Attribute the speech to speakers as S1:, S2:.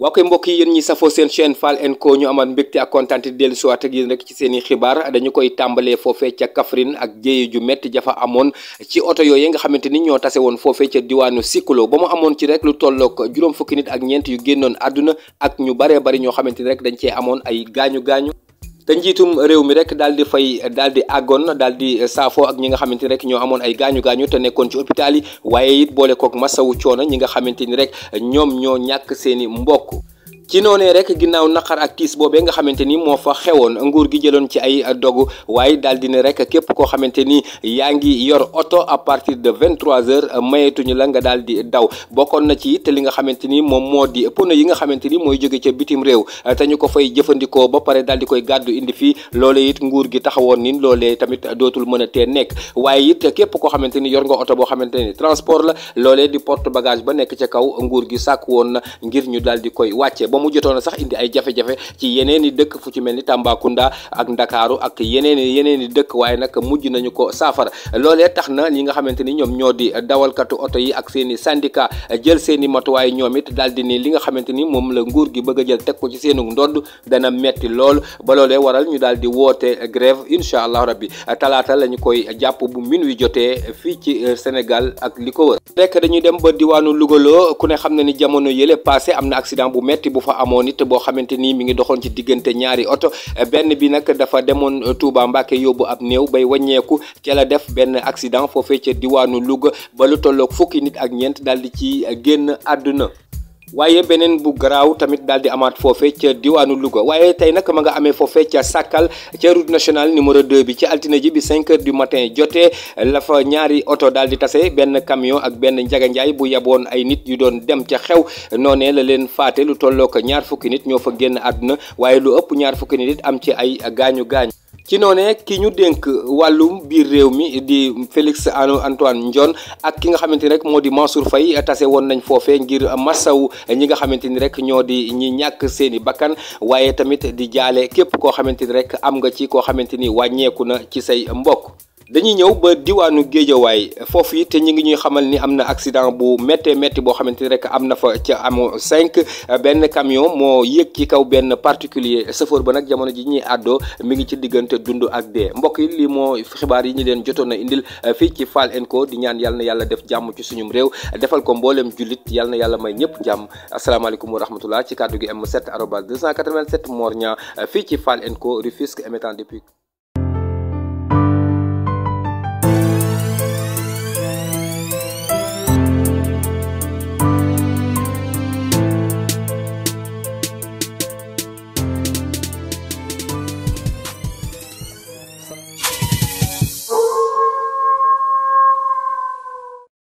S1: waa koy mbokk yi yéen ñi safoo seen chaîne Fall en Co ñu amal mbégte a kontaan di dellu siwaat ak ci seeni i xibaar dañu koy tàmbalee foofee ca Kaffrine ak jéye ju métti jafa amoon ci oto yooyu nga xamante ni ñoo tase woon foofe ca diwaanu Sikolo ba mu amoon ci rek lu tolloog juróom fukki nit ak ñeent yu génnoon àdduna ak ñu baree bari ñoo xamante ni rek dañ cee amoon ay gaañu gaañu te njiitum réew mi rek daal di fay daal di àggoon daal di saafo ak ñi nga xamante ni rek ñoo amoon ay gaañu gaañu te nekkoon ci hôpital yi waaye it boole kook masawu coono ñi nga xamante ni rek ñoom ñoo ñàkk seeni mbokk ci noonee rek ginnaaw naqar ak tiis boobee nga xamante ni moo fa xewoon nguur gi jëloon ci ay dogu waaye daal dina rek képp koo xamante ni yaa ngi yor oto à partir de 23h mayetuñu la di daw bokkoon na ci it li nga xamante ni moom moo di pono yi nga xamante ni mooy jóge ca bitim réew te ko fay jëfandikoo ba pare daal di koy gàddu indi fii loolee it nguur gi taxawoon ni loolee tamit dootul mën a tee nekk waaye it képp koo xamante ni yor nga oto boo xamante ni transport la loolee di porte bagage ba nekk ca kaw nguur gi sàkk woon na ngir ñu daal di koy wàcce mu jotoon a sax indi ay jafe-jafe ci yeneen i dëkk fu ci mel ni Tambacounda ak Ndakaaru ak yeneen i yeneen i dëkk waaye nag mujj nañu ko saafara loolee tax na li nga xamante ni ñoom ñoo di dawalkatu oto yi ak seen i syndicat jël seen i matuwaay ñoom it daal di ni li nga xamante ni moom la nguur gi bëgg jël teg ko ci seenu ndodd dana metti lool ba loolee waral ñu daal di woote grève incha allah rabbi talaata la koy jàpp bu minuit jotee fii ci euh, Sénégal ak amoon it boo xamante ni mi ngi doxoon ci diggante ñaari oto benn bi nag dafa demoon Touba Mbacke yóbbu ab néew bay wàññeeku ca la def benn accident foofee ca diwaanu Louga ba lu tolloog fukki nit ak ñeent daal di ci génn àdduna waaye beneen bu garaaw tamit daal di amaat foofe ca diwaanu Louga waaye tey nag ma nga amee foofe ca Sakal ca route nationale numéro 2 bi ci altine ji bi 5 heures du matin jotee la ñaari oto daal di tase benn camion ak benn njaganjaay bu yaboon ay nit yu doon dem ca xew noonee la leen faate lu tolloo ko ñaar fukki nit ñoo fa génn àdduna waaye lu ëpp ñaar fukki nit am ci ay gaañu gaañu. ci noone ki ñu dénk wàllum biir réew mi di Félix Antoine Ndione ak ki nga xamante ni rek moo di Mansour Faye tase woon nañ foofee ngir masaw ñi nga xamante ni rek ñoo di ñi ñàkk seen i bakkan waaye tamit di jaale képp koo xamante ni rek am nga ci koo xamante ni wàññeeku na ci say mbokk dañuy ñëw ba diwaanu Géejawaay foofu te ñu ngi ñuy xamal ni am na accident bu méttee métti boo xamante ni rek am na fa ca amoo cinq benn camion moo yëg ci kaw benn particulier chauffeur ba nag jamono ji ñuy àddoo mi ngi ci diggante dund ak dee mbokk yi lii moo xibaar yi ñu leen jotoon na indil fii ci Fall and Co di ñaan yàlla na yàlla def jàmm ci suñum réew defal ko mbooleem jullit yàlla na yàlla may ñëpp jàmm asalaamaaleykum wa rahmatullah ci kàddu gi M7 arobase 287 Mor Niang fii ci Fall and Co